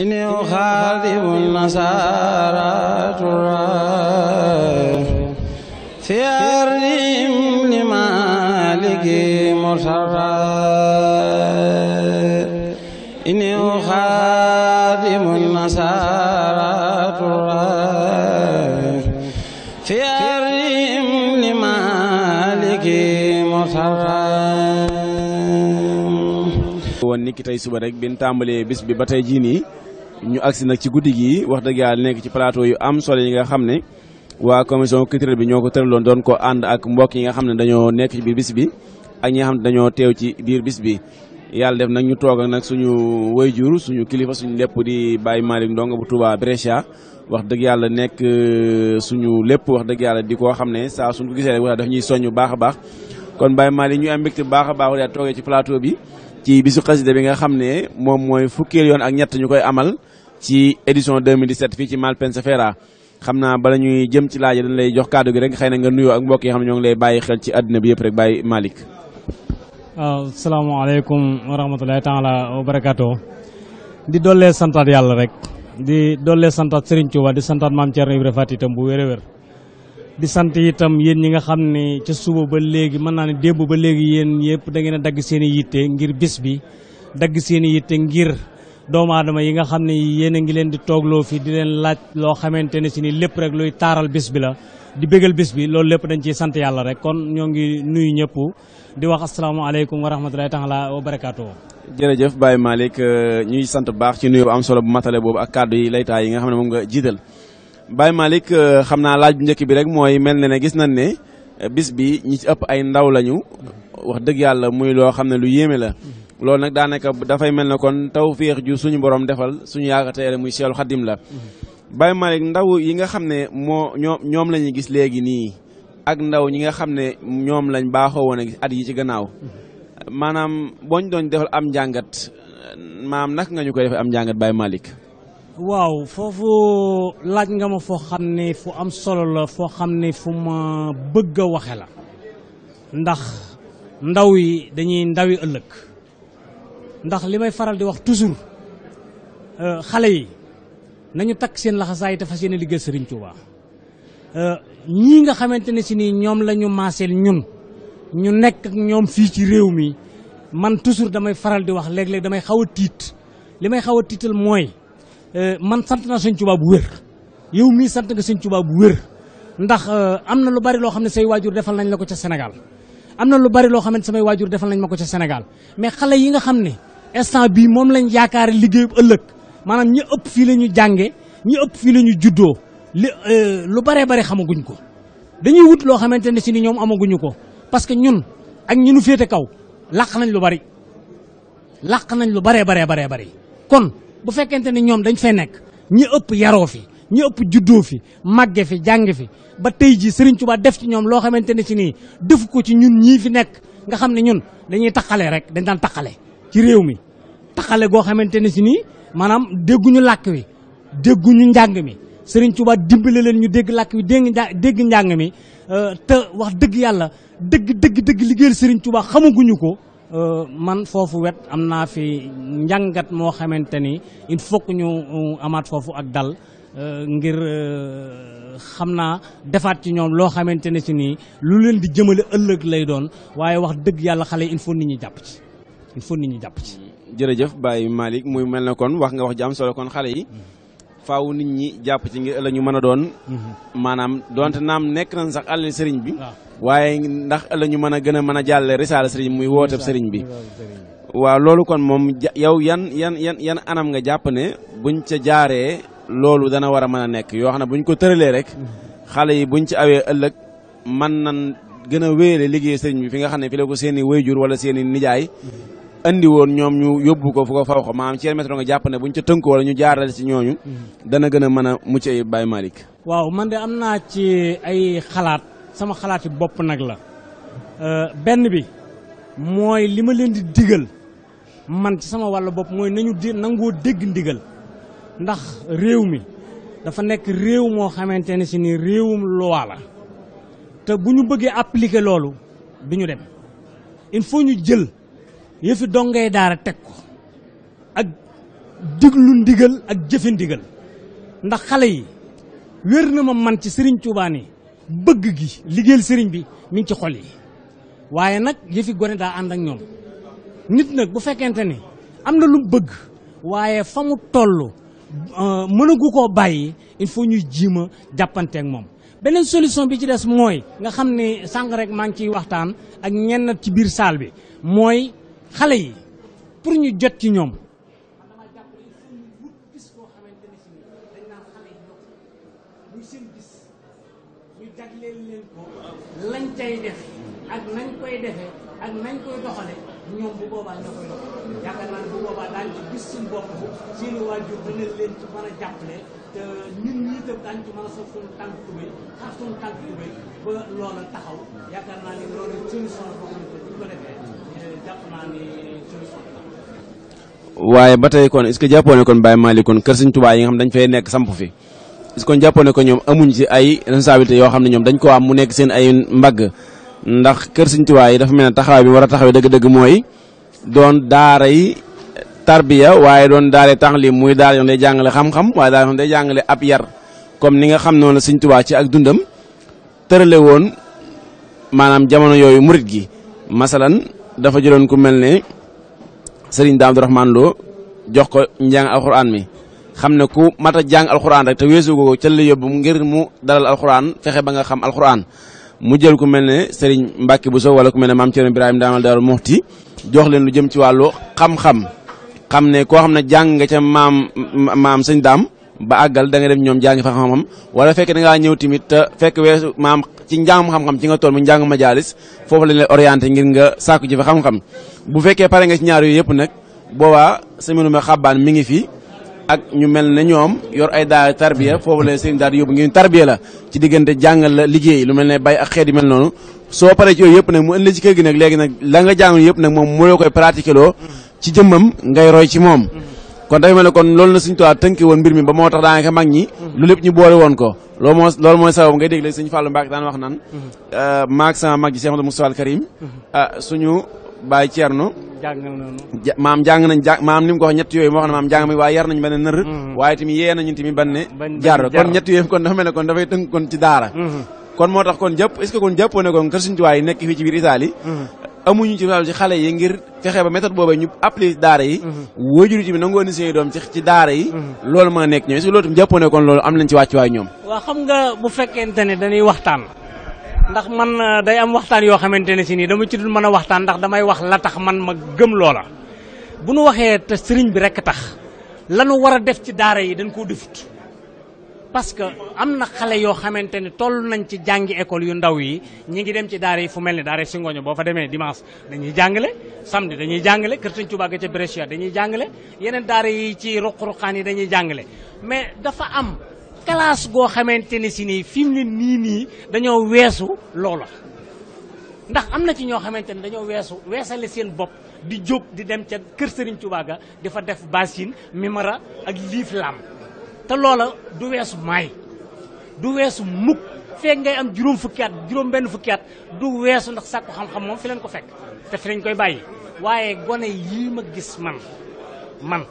إني أخاذب النصارى ترى في أرضهم لمالك مصرى إني أخاذب النصارى ترى في أرضهم لمالك مصرى wan niki tay suba rek bin tambalé bis bi batay jini ñu agsi nag ci guddi gi wax dëgg yàlla nekk ci palato yu am solo yi nga xam ne waa commission culturelle bi ñoo ko tëraloon doon ko ànd ak mbokk yi nga xam ne dañoo nekk ci biir bis bi ak ñi nga xam dañoo teew ci biir bis bi yàlla def nag ñu toog ak nag suñu jur suñu kilifa suñu lépp di bàyyi Malick Ndongo bu Touba Brescia wax dëgg yàlla nekk euh, suñu lépp wax dëgg yàlla di koo xam ne saa suñu ko gisee rek wax daf ñuy soññ baax a baax kon Baye Malick ñu am mbégte baax a baax yaa toogee ci plateau bi ci bisu xasida bi nga xam ne moom mooy fukkeel yoon ak ñett ñu koy amal ci édition 2017 fii ci Malpensa xam naa bala ñuy jëm ci laaj dañ lay jox kàddu gi rek xëy na nga nuyoo ak mbokk yi xam ne ñoo ngi lay bàyyi xel ci àddina bi yëpp rek bàyyi Malick. waaw salaamaaleykum wa rahmatulahi taala wa barakaatu. di dollee santaat yàlla rek. di dollee santaat Serigne Touba di santaat maam Thierno Ibrahima Fati itam bu wér-wér. di sant itam yéen ñi nga xam ne ca suba ba léegi mën naa ne démb ba léegi yéen yëpp da a bi dagg seen doomu adama yi nga xam ne yéen a ngi leen di toogloo fii di leen laaj loo xamante ne si ni lépp rek luy taaral bis bi la di bégal bis bi loolu lépp dañ ciy sant yàlla rek kon ñoo ngi nuyu ñëpp di wax asalaamaaleykum wa rahmatulahi taala wa barakaatu. jërëjëf Baye Malick euh, ñuy sant baax ci nuyu am solo bu matale boobu ak kàddu yi laytaay yi nga xam ne moom nga jiital Baye Malick euh, xam naa laaj bu njëkk bi rek mooy mel na ne gis nañ ne euh, bis bi ñi ci ëpp ay ndaw lañu wax dëgg yàlla muy loo xam ne lu yéeme la. loolu nag daanaka dafay mel ne kon taw tawféex ju suñu boroom defal suñu yaakaar muy Seexul Xadim la. Mm-hmm. Baye Malick ndaw yi nga xam ne moo ñoom ñoom la gis léegi nii ak ndaw ñi nga xam ne ñoom lañ baaxoo woon a gis at yi ci gannaaw mm-hmm. maanaam boo doon defal am njàngat maam naka nga ñu koy defee am njàngat Baye malik waaw foofu laaj nga ma foo xam ne fu am solo la foo xam ne fu ma bëgg a waxe la ndax ndaw yi dañuy ndawi ëllëg. ndax li may faral di wax toujours euh, xale yi nañu takk seen laxasaay te fas yéene liggéey Serigne Touba euh, ñii nga xamante ne si nii ñoom la ñu maaseel ñun ñu nekk ñoom fii ci réew mi man toujours damay faral di wax léeg-léeg damay xaw a tiit li may xaw a tiital mooy euh, man sant naa Serigne Touba bu wér yow mii sant nga Serigne Touba bu wér ndax am na lu bari loo xam ne say waajur defal nañ la ko ca Sénégal am na lu bari loo xam ne samay waajur defal nañ ma ko ca Sénégal instant bii moom lañ yaakaar liggéey ëllëg maanaam ñi ëpp fii la ñu jànge ñi ëpp fii la ñu juddoo li euh, lu baree bare xamaguñ ko dañuy wut loo xamante ne si ñoom amaguñu ko parce que ñun ak ñi nu féete kaw làq nañ lu bari làq nañ lu baree baree baree bari kon bu fekkente ni ñoom dañ fee nekk ñi ëpp yaroo fi ñi ëpp juddoo fi màgge fi jàng fi ba tey ji Serigne Touba def ci ñoom loo xamante ne ci nii def ko ci ñun ñii fi nekk nga xam ne ñun dañuy taqale rek dañ daan taqale ci réew mi taxale goo xamante ne si nii maanaam dégguñu làkk wi dégguñu njàng mi sëriñ Tuubaa dimbale leen ñu dégg làkk wi dégg dégg njàng mi euh, te wax dëgg yàlla dëgg dëgg dëgg liggéeyal sëriñ Tuubaa xamaguñu ko euh, man foofu wet am naa fi njàngat moo xamante ni il faut que ñu euh, amaat foofu ak dal ngir xam naa defaat ci ñoom loo xamante ne si nii lu leen di jëmale ëllëg lay doon waaye wax dëgg yàlla xale il faut nit ñi jàpp ci il faut nit ñi jàpp ci. jërëjëf Baye Malick muy mel ne kon wax nga wax jàmm solo kon xale yi. Mm-hmm. faaw nit ñi jàpp ci ngir ëllëg ñu mën a doon. Mm-hmm. maanaam donte naam nekk nañ sax àll sëriñ bi. Ah. waaye ndax ëllëg mën a gën a mën a jàllale risaala sëriñ muy wooteeb sëriñ bi. waaw loolu kon moom yow yan yan yan yan anam nga jàpp ne buñ ca jaaree loolu dana war a mën a nekk yoo xam ne buñ ko tëralee rek. Mm-hmm. xale yi buñ ci awee ëllëg mën nan gën a wéyale liggéey sëriñ bi fi nga xam ne fi ko seeni i wayjur wala seen nijaay. andi won ñom ñu yobbu ko fu ko faw ko maanaam ci yenn nga japp ne buñ ci teunk wala ñu jaarale ci ñooñu mm-hmm. dana gëna mëna mën mucc ay Baye malik waaw man de amna ci ay xalaat sama xalaati bop nak la euh, benn bi moy lima leen di digal man ci sama walu bop moy nañu di nangoo degg ndigal ndax rew mi dafa nek rew mo xamanteni ci ni rewum loi la te buñu ñu appliquer lolu biñu dem il faut ñu jël yëfi dongay daara teg ko ak diglu ndigal ak jëfe ndigal ndax xale yi wér na ma man ci sëriñ Tuubaa ni bëgg gi liggéeyal sëriñ bi mi ngi ci xol yi waaye nag yëfi gone daa ànd ak ñoom nit nag bu fekkente ni am na lu bëgg waaye famu mu toll euh, mënagu koo bàyyi il faut ñuy jiima jàppanteek moom beneen solution bi ci des mooy nga xam ne sànq rek maa ngi ciy waxtaan ak ñenn ci biir saal bi mooy xale yi pour ñu jot ci ñoom lañ cay def ak nañ koy defee ak nañ koy doxale ñoom bu boobaa ñoo koy doxal yaakaar naa ne bu boobaa daañu ci gis suñu bopp seeni waajur dina leen ci mën a jàppale a sof suñu tànk tubéy xar ne bu eh, waaye ba tey kon est-ce jàppoo ne kon Baye Malick kon kër Sëriñ Tuubaa yi nga xam dañ fay nekk samp fi est-ce que kon jàppoo ne ko ñoom amuñ ci ay responsabilité yoo xam ne ñoom dañ ko am mu nekk seen ay mbagg ndax kër Sëriñ Tuubaa yi dafa mel ne taxawaay bi war a taxawee dëgg-dëgg mooy doon daara yi. tarbiya waye don dalé tànglim muy dal yoon jangale xam-xam waaye dal yoon jangale ab yar comme ni nga xam non seigne touba ci ak dundam terele won manam jamono yoyu murit gi masalan dafa jëloon ku mel serigne dame Daam Lo jox ko mi xamne ku mata jang jàng rek te weesu ko ca la yóbbu ngir mu dalal alxuraan fexé ba nga xam alxuraan mu jël ku mel Serigne Mbacke Bousso wala ku mel mam cheikh ibrahim damal daamal Daaru jox len lu jëm ci walu xam-xam xam ne koo xam ne jàng nga ca maam maam sëñ daam ba àggal da nga dem ñoom jàngi fa xam-xam wala fekk da ngaa ñëw tamit fekk weesu maam ci njàngam xam-xam ci nga tool mu njàng majalis foofu lañ lay orienté ngir nga sàkku ji bu fekkee pare nga ci ñaar yooyu yëpp nag boobaa sëminu ma mi ngi fi ak ñu mel ne ñoom yor ay daal tarbiya foofu la sëriñ daal di yóbbu ngeen tarbiya la ci diggante jàngal la liggéey lu mel ne bay ak xeet yi mel noonu soo paree ci yooyu yëpp nag mu ëndi ci kër gi nag léegi la nga jàngal yëpp nag moom ci jëmmam ngay roy ci moom kon dafa mel ne kon loolu la Sëñ Tuubaa tënki woon mbir mi ba moo tax daanaka mag ñi lu lépp ñu boole woon ko loolu moo loolu mooy sabab ngay dégg léegi Sëñ Fallou Mbacke daan wax naan euh, maag sama mag ji Cheikh Amadou Moustapha al Karim euh, suñu baay Thierno maam jàng nañ jàng maam ni mu ko wax yooyu moo xam ne maam jàng mi waaye yar nañ ba ne nër mm-hmm. waaye tamit yee nañu tamit ban ne jaar kon ñett yooyu kon dafa mel dafay tënk kon ci daara mm-hmm. kon moo tax kon jàpp est kon jàppoo kon kër Sëñ Tuubaa nekk fii ci biir Italie mm-hmm. amuñu ci wàllu ci xale yi ngir fexe ba méthode boobu ñu appliqué daara yi mhm. wajur ci bi nangoo ni seen doom ci ci daara yi mhm. loolu mën a nekk ñoom est-ce loolu tam jàppoon ne kon loolu am nañ ci wàccuwaay ñoom waaw xam nga bu fekkente ne dañuy waxtaan ndax man euh, day am waxtaan yoo xamante ne si nii dama ci dul mën a waxtaan ndax damay wax la tax man ma gëm loola bu nu waxee te sëriñ bi rekk tax lanu war a def ci daara yi dañ koo defut parce que am na xale yoo xamante ne toll nañ ci jàngi école yu ndaw yi ñi ngi dem ci daara yi fu mel ni daara si ngooño boo fa demee dimanche dañuy jàngale samedi dañuy jàngale kër Sëñ Tuubaa ga ca dañuy jàngale yeneen daara yi ci ruq yi dañuy jàngale mais dafa am classe goo xamante ne si nii fi mu nii nii dañoo weesu loola ndax am na ci ñoo xamante ne dañoo weesu weesale seen bopp di jóg di dem ca kër Sëriñ Tuubaa ga di fa def basin mimara ak liif lam te loola du weesu may du weesu mukk feek ngay am juróom fukki at juróom benn fukki du weesu ndax sàkku xam-xam moom fi leen ko fekk te fi lañ koy bàyyi waaye gone yii ma gis man man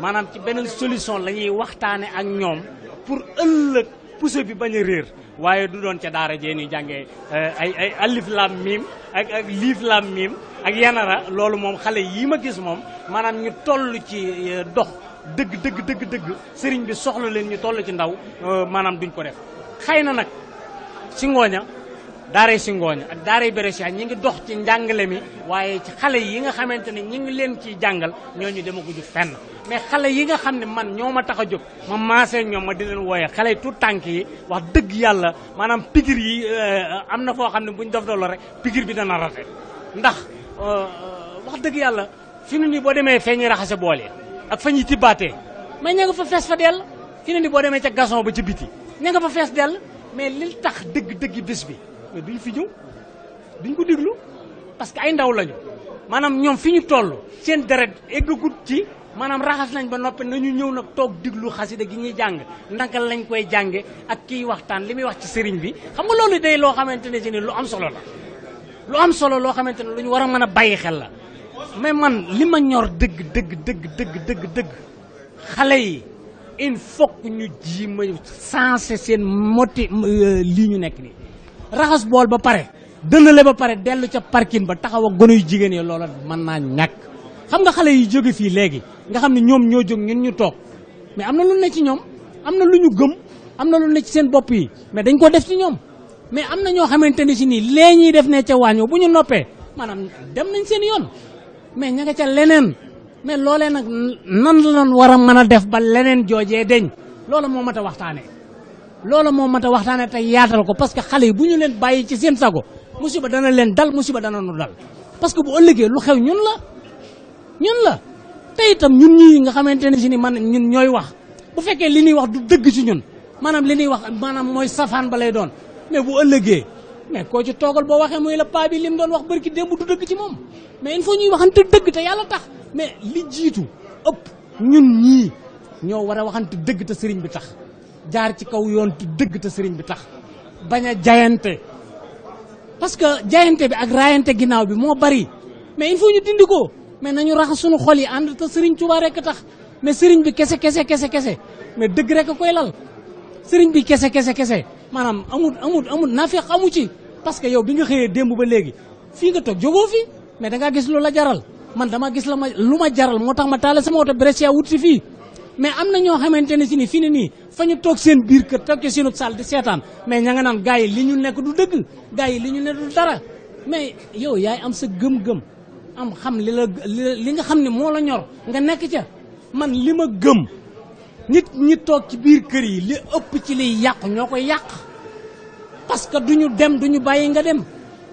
maanaam ci beneen solution lañuy ñuy waxtaane ak ñoom pour ëllëg pousse bi bañ a réer waaye du doon ca daara jee ni jànge eh, ay ay alif lam miim ak ak liif lam miim ak yanara loolu moom xale yii ma gis moom maanaam ñu toll ci eh, dox dëgg dëgg dëgg dëgg sëriñ bi soxla leen ñu toll ci ndaw euh, maanaam duñ ko def xëy na nag si ngooña daaray si ngooña ak daaray Bérésia ñi ngi dox ci njàngale mi waaye ci xale yi nga xamante ne ñi ngi leen ciy jàngal ñooñu dema ko ju fenn xale yi nga xam ne man ñoo ma tax a jóg ma maasee ñoom ma di leen wooye xale yi tout tànk yi wax dëgg yàlla maanaam pigir yi euh, am na foo xam ne buñ def doolo rek pigir bi dana rate ndax euh, wax dëgg yàlla fi nu ni boo demee feeñi raxase bool yi ak fa ñuy tibbaatee mais ña nga fa fess fa del fi ne ni bo démé ci gasson ba ci biti ña nga fa fess del mais lil tax deug deug bis bi duñ fi ñëw duñ ko diglu parce que ay ndaw lañu manam ñom fi ñu toll seen deret eggagut ci manam raxas lañ ba noppi nañu ñew nak tok diglu xasida gi ñi jang ndankal lañ koy jangé ak ki waxtaan limi wax ci sëriñ bi xam nga loolu day lo xamanteni ci ni lu am solo la lu am solo lo xamanteni luñu wara mëna bayyi xel la mais man li ma ñor dëgg dëgg dëgg dëgg dëgg dëgg xale yi il faut que ñu ji ma sensé seen moti euh, lii ñu nekk nii raxas bool ba pare dënale ba pare dellu ca parkin ba taxaw ak yu jigéen yi loola mën naa ñàkk xam nga xale yi jóge fii léegi nga xam ne ñoom ñoo jóg ñun ñu toog mais am na lu ne ci ñoom am na lu ñu gëm am na lu ne ci seen bopp yi mais dañ koo def ci ñoom mais am na ñoo xamante ni si nii lee ñuy def nee ca waañoo bu ñu noppee maanaam dem nañ seen yoon mais ña nga ca leneen mais loolee nag nan la war a mën a def ba leneen joojee deñ loola moo mat a waxtaanee loola moo mat a waxtaanee te yaatal ko parce que xale yi bu ñu leen bàyyi ci seen sago musiba dana leen dal musiba dana nu dal parce que bu ëllëgee lu xew ñun la ñun la te tam ñun ñii nga xamante ne si ni man ñun ñooy wax bu fekkee li ñuy wax du dëgg ci ñun maanaam li ñuy wax maanaam mooy safaan ba lay doon mais bu ëllëgee mais koo ci toogal boo waxee muy la paa bi lim doon wax barki démb du dëgg ci moom mais il faut ñuy waxante dëgg te yàlla tax mais li jiitu ëpp ñun ñii ñoo war a waxante dëgg te sëriñ bi tax jaar ci kaw yoon te dëgg te sëriñ bi tax bañ jayante parce que jayante bi ak raayante ginnaaw bi moo bari mais il faut ñu dindi ko mais nañu raxas suñu xol yi ànd te sëriñ Tuubaa rekk tax mais sëriñ bi kese kese kese kese mais dëgg rekk koy lal sëriñ bi kese kese kese manam amul amul amul nafiq amu ci parce que yow bi nga xeye démb ba léegi fi nga tok jogo fi mais da nga gis lu la jaral man dama gis la ma lu ma jaral motax ma taale sama auto Brescia wut ci fi mais amna ño ñoo ci ni si ni fañu tok seen ci seenu salle di setan mais ña nga naan du deug gaay li du dara mais yow yaay am sa gem gem am xam li la li nga xam ne la ñor nga nek ca man lima gem nit ñi tok ci biir kër yi li ëpp ci li yàqu ñoo koy parce que duñu dem duñu bàyyi nga dem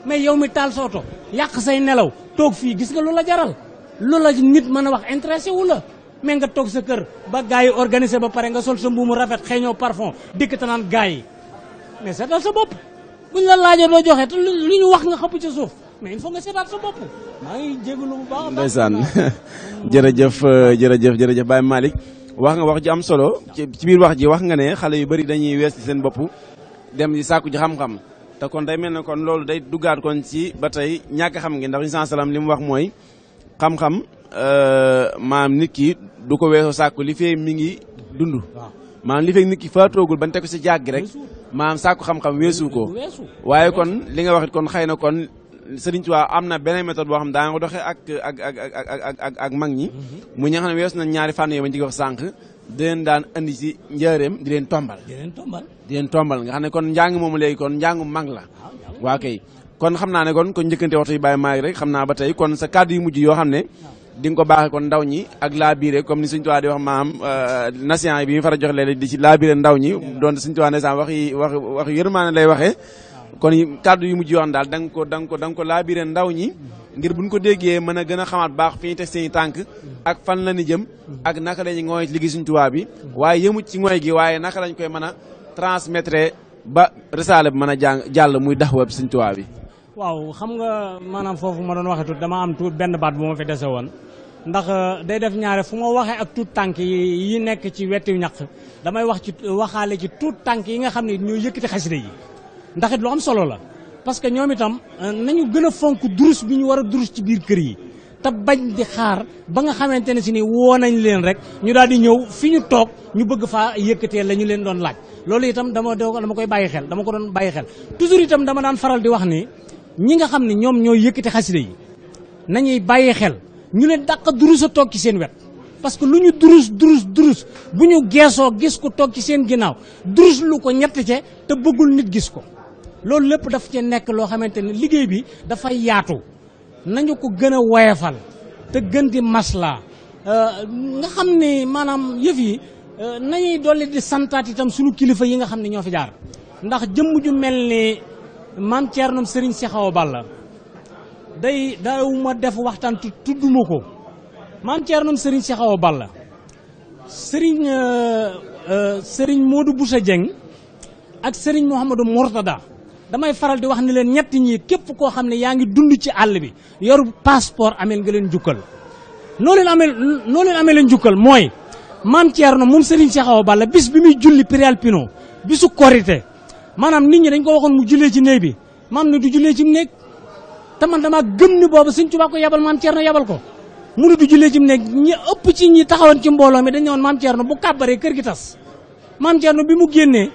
mais yow mi taal sooto yàq say nelaw toog fii gis nga lu la jaral lu la nit mën a wax intéressé wu la mais nga toog sa kër ba gaay yi organisé ba pare nga sol sa mbuumu rafet xeeñoo parfum dikk ta naan gaay yi mais seetal sa bopp buñ la laajee doo joxe te lu ñu wax nga xëpp ci suuf mais il faut nga seetaat sa bopp maa ngi jégalu bu baax ndeysaan euh, jërëjëf jërëjëf jërëjëf malik wax nga wax ji am solo ci biir wax ji wax nga ne xale yu bari dañuy wees ci seen bopp dem di sàkku ji xam-xam te kon day mel ne kon loolu day duggaat kon ci ba tey ñàkk xam ngi ndax ñu salaam li mu wax mooy xam-xam euh, maam nit ki du ko weesoo sàkku li fee mi ngi dund maam li fee nit ki faatoogul ban te ko si jàgg rek maam sàkku xam-xam weesu ko waaye kon li nga waxit kon xëy na kon Serigne Touba am na beneen méthode boo xam daa nga doxee ak ak mag ñi. Mm-hmm. mu ñi wees xam ne weesu nañ ñaari fànn yooyu ma ci wax sànq. di leen daan indi ci njëreem di leen tombal. di leen tombal di leen nga xam ne kon njàng moomu léegi kon njàngu mag la. Ah, waa kay kon xam naa ne kon ko njëkkante waxtu yi bàyyi maa rek xam naa ba tey kon sa kàddu yu mujj yoo xam ne. Ah. di nga ko baaxee kon ndaw ñi ak laa biire comme ni suñu tuwaa di wax maam euh, nation bi ñu fara jox léeg di ci laa ndaw ñi doon suñu tuwaa ndeysaan wax yi wax wax yërmaane lay waxee. kon kàddu yu mujj yoon daal da nga ko da nga ko da ko laabire ndaw ñi ngir bu buñ ko déggee mën a gën a xamaat baax fi ñu teg i tànk ak fan la ñu jëm ak naka lañu ngooy liggéey suñ tuwaa bi waaye yëmut ci ngooy gi waaye naka lañ koy mën a transmettre ba risaale bi mën a jàng jàll muy daxwa bi suñ tubaab bi waaw xam nga maanaam foofu ma doon waxe tuut dama am tuut benn baat bu ma fi dese woon ndax euh, day def ñaare fu ma waxee ak tuut tànk yi nekk ci wetu ñaq damay wax ci waxaale ci tuut tànk yi nga xam ne ñoo yëkkati xasida yi ndax it lu am solo la parce que ñoom itam euh, nañu gën a fonk durus bi ñu war a durus ci biir kër yi te bañ di xaar ba nga xamante ne si ni woo nañ leen rek ñu daal di ñëw fi ñu toog ñu bëgg faa yëkkatee la ñu leen doon laaj loolu itam dama dama koy bàyyi xel dama ko doon bàyyi xel toujours itam dama daan faral di wax ni ñi nga xam ne ñoom ñooy yëkkati xasida yi nañuy bàyyi xel ñu leen dàq durus a toog ci seen wet parce que lu ñu durus durus durus bu ñu geesoo gis ko toog ci seen ginnaaw durus ko ñett ce te bëggul nit gis ko loolu lépp daf ci nekk loo xamante ne liggéey bi dafay yaatu nañu ko gën a woyefal te gën di maslaa euh, nga xam ne maanaam yëf yi euh, nañuy dolli di santaat itam suñu kilifa yi nga xam ne ñoo fi jaar ndax jëmm ju mel ni maam Thierno Serigne Cheikh Awa Balla day daawuma def waxtaan tudduma ko maam Thierno Serigne Cheikh sëriñ Balla Serigne euh, Serigne Modou Boussa Dieng ak Serigne Mouhamadou Mourtada damay faral di wax ni len ñet ñi kep ko xamne ne dund ci all bi yor passeport amel nga jukal jukkal noo leen amel noo leen amee leen jukkal mooy maam Serigne Cheikh Balla bis bi mi julli prial pino bisu korité manam nit ñi dañ ko waxon mu julle ci neeb bi maam ne du julle ci neeb ta man dama gëm ni bobu Serigne tuba ko yabal man tierno yabal ko mu du julle ci neeb ñi ëpp ci ñi taxawon ci mbolo mi dañ ne woon tierno bu kabaré kër gi tass tierno bi mu génné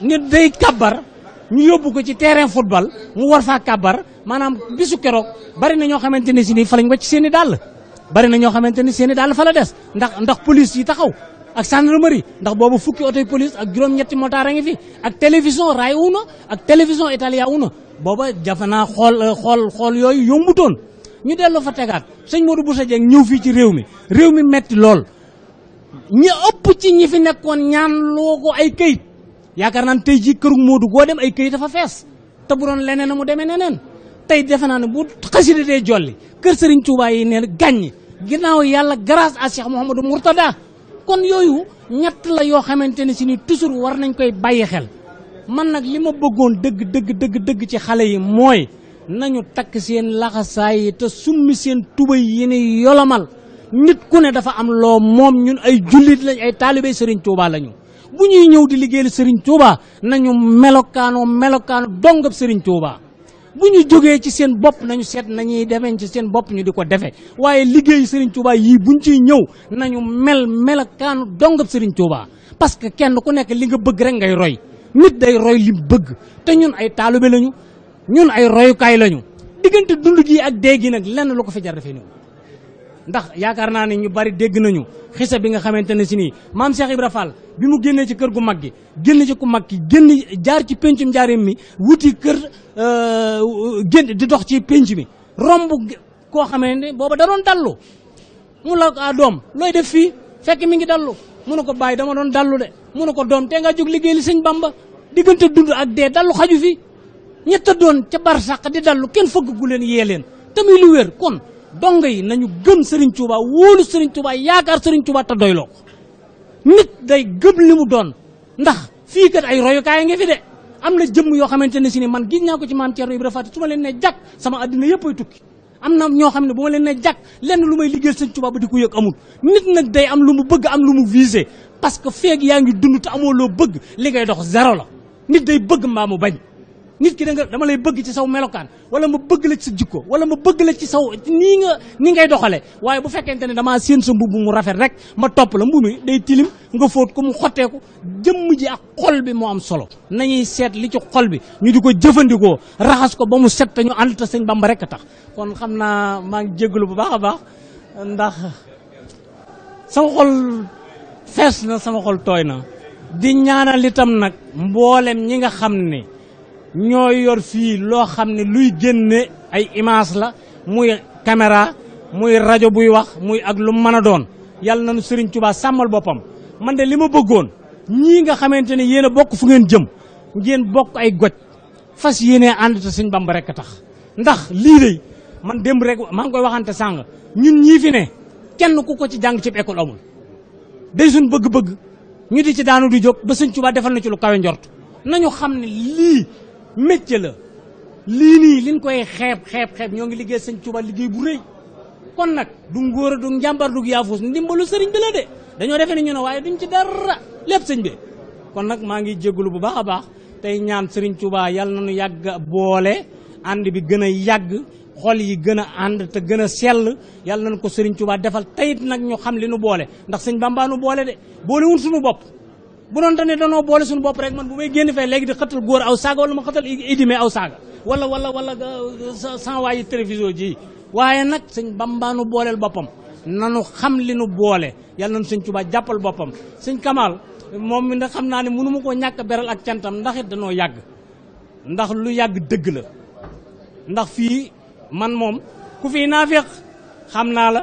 ni day kabar ñu yobbu ko ci terrain football mu war fa kabar manam bisu kéro bari na ño xamanteni ci ni fa lañ wacc seeni dal, bari na ño xamanteni seeni dal fa la des ndax ndax police yi taxaw ak gendarmerie ndax bobu fukki auto police ak juroom ñetti motard a fi ak télévision ray una ak télévision Italia una boba jafana xol euh, xol xol yoy yombuton ñu delu fa tegaat sëñ Modou Boussa djeng ñew fi ci réew mi réew mi metti lol ñi upp ci ñi fi nekkon ñaan logo ay keuyit yaakaar naa ne tey jii këru Moodu goo dem ay këyit dafa fees te bu doon leneen a mu demee neneen tey defe naa ne bu xasida dee jolli kër Serigne Touba yi ne gàññ ginnaaw yàlla grâce à Cheikh Mouhamadou Mourtada kon yooyu ñett la yoo xamante ne si ni toujours war nañ koy bàyyi xel man nag li ma bëggoon dëgg dëgg dëgg ci xale yi mooy nañu takk seen laxasaay yi te summi seen tubay yi ni yolomal nit ku ne dafa am loo moom ñun ay jullit lañ ay taalibey Serigne Touba lañu bu ñuy ñëw di liggéeyal Serigne Touba nañu melokaano melokaano dongab Serigne Touba bu ñu jógee ci seen bopp nañu seet nañuy defee ci seen bopp ñu di ko defee waaye liggéey Serigne Touba yii buñ ciy ñëw nañu mel melokaano dongab Serigne Touba parce que kenn ku nekk li nga bëgg rek ngay roy nit day roy li bëgg te ñun ay taalibe lañu ñun ay royukaay lañu diggante dund gi ak dee gi nag lenn lu ko fi jar dafay ñëw ndax yaakaar naa ne ñu bari dégg nañu xisa bi nga xamante ne si nii maam Cheikh Ibra Fall bi mu génnee ci kër gu mag gi génn ci ku mag ki génn jaar ci pencum njaarim mi wuti kër euh, génn di dox ci penc mi romb koo xamee ne booba da doon dallu mu la ko ah, doom looy def fii fekk mi ngi dallu mu ne ko bàyyi dama doon dallu de mu ne ko doom te nga jóg liggéey li sëñ Bamba diggante dund ak dee dallu xaju fi ñett doon ca bar sàq di dallu kenn fëgg gu leen yee tamuy lu wér kon dongo yi nañu gëm Serigne Touba wóolu Serigne Touba yaakaar Serigne Touba te doyloo nit day gëm li mu doon ndax fii kat ay royukaay nga fi de am na jëmm yoo xamante ne si ne man gis naa ko ci maam Thierno ma leen ne jàkk sama addina yëpp ay tukki am na ñoo xam ne bu ma leen lenn lu may liggéeyal Serigne Touba ba di ko amul nit nag day am lu mu bëgg am lu mu visé parce que feeg yaa ngi dund te amoo loo bëgg li ngay dox zéro la nit day bëgg mbaa bañ. nit ki da nga dama lay bëgg ci saw melokaan wala ma bëgg la ci jikko wala ma bëgg la ci saw ni nga ni ngay doxale waye bu fekkente ne dama seen sa mbubb mu rafet rek ma top la day tilim nga fot ko mu ko jëm ji ak xol bi mo am solo nañuy set li ci xol bi ñu diko jëfëndiko raxas ko ba mu set ñu ta señ bamba rek tax kon xamna ma ngi jégalu bu baaxa baax ndax sama xol fess na sama xol toy na di ñaanal itam nak mboolem ñi nga xamni ñoy yor fi lo xamne luy genné ay image la muy caméra muy rajo buy wax muy ak lu mëna doon yalla nañu Serigne Touba samal bopam man de lima bëggoon ñi nga xamanteni ne bokku a fu ngeen jëm ngeen bokku ay goj fas yene and ta Serigne Bamba rek tax ndax li lay man dem rek ma ngoy waxante sang ñun ñi fi ne kenn ku ko ci jang ci école amul day suñ bëgg-bëgg ñu di ci daanu di jog ba Serigne Touba defal na ci lu kawé ndort nañu li métier la lii nii liñ koy xeep xeep xeeb ñoo ngi liggéey sëñ Tuuba liggéey bu rëy kon nag du ngóor du njàmbar du yaafuus ndimbalu sëriñ bi la de dañoo defe ni ñu ne waaye duñ ci dara lépp sëñ bi kon nag maa ngi jégalu bu baax a baax tey ñaan sëriñ Tuuba yàlla nañu yàgg boole ànd bi gën a yàgg xol yi gën a ànd te gën a sell yàlla nañ ko sëriñ Tuuba defal tayit nag ñu xam li nu boole ndax sëñ Bamba nu boole de boolewul suñu bopp bu doon te danoo boole suñu bopp rek man bu may génn fee léegi di xëttal góor aw saaga wala ma xëttal idime aw saaga wala wala wala sans waayi télévision ji waaye nag sëñ bambaanu booleel boppam nanu xam li nu boole yàlla nañu sëñ Tuubaa jàppal boppam sëñ Kamal moom mi nag xam naa ne mënu ma koo ñàkk beral ak cantam ndax it danoo yàgg ndax lu yàgg dëgg la ndax fii man moom ku fii naafeq xam naa la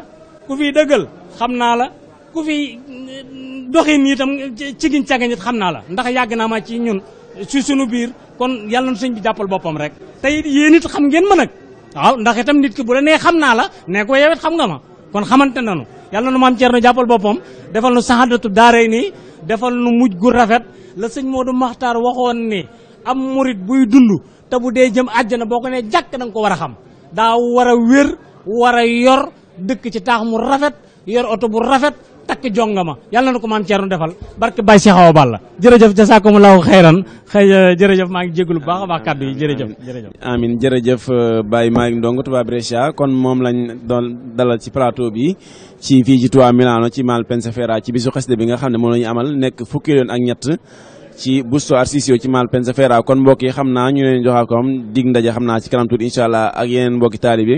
ku fii dëggal xam naa la ku fi eh, doxin itam eh, ci giñ càggañ it xam naa la ndax yàgg naa ma ci ñun si sunu biir kon yàlla na sëñ bi jàppal boppam rek. tey yéen it xam ngeen ma nag waaw ndax itam nit ki bu la nee xam naa la ne ko yow xam nga ma kon xamante nanu yàlla na maam Thierno jàppal boppam defal nu saxaadatu daaray nii defal nu mujj gu rafet la sëñ moo du Maxtaar waxoon ni am murit buy dund te bu dee jëm àjjana boo ko nee jàkk da ko war a xam daa war a wér war a dëkk ci taax mu rafet rafet. takk jongama yàlla na ko maam Thierno defal barke Baye Cheikh Awa Balla jërëjëf jasaakumullaahu jërëjëf maa ngi jégalu bu a baax kàddu yi jërëjëf jërëjëf amin jërëjëf euh, Baye Malick Ndong Touba Brescia kon moom lañ doon dalal ci plateau bi ci fii ci Touba Milano ci Malpensa Fiera ci bisu xasida bi nga xam ne moo la ñu amal nekk fukki yoon ak ñett ci Busto Arsizio ci Malpensa Fiera kon mbokk yi xam naa ñu leen joxaa kom dig ndaje xam naa ci kanam tuuti incha allah ak yeneen mbokki taalibe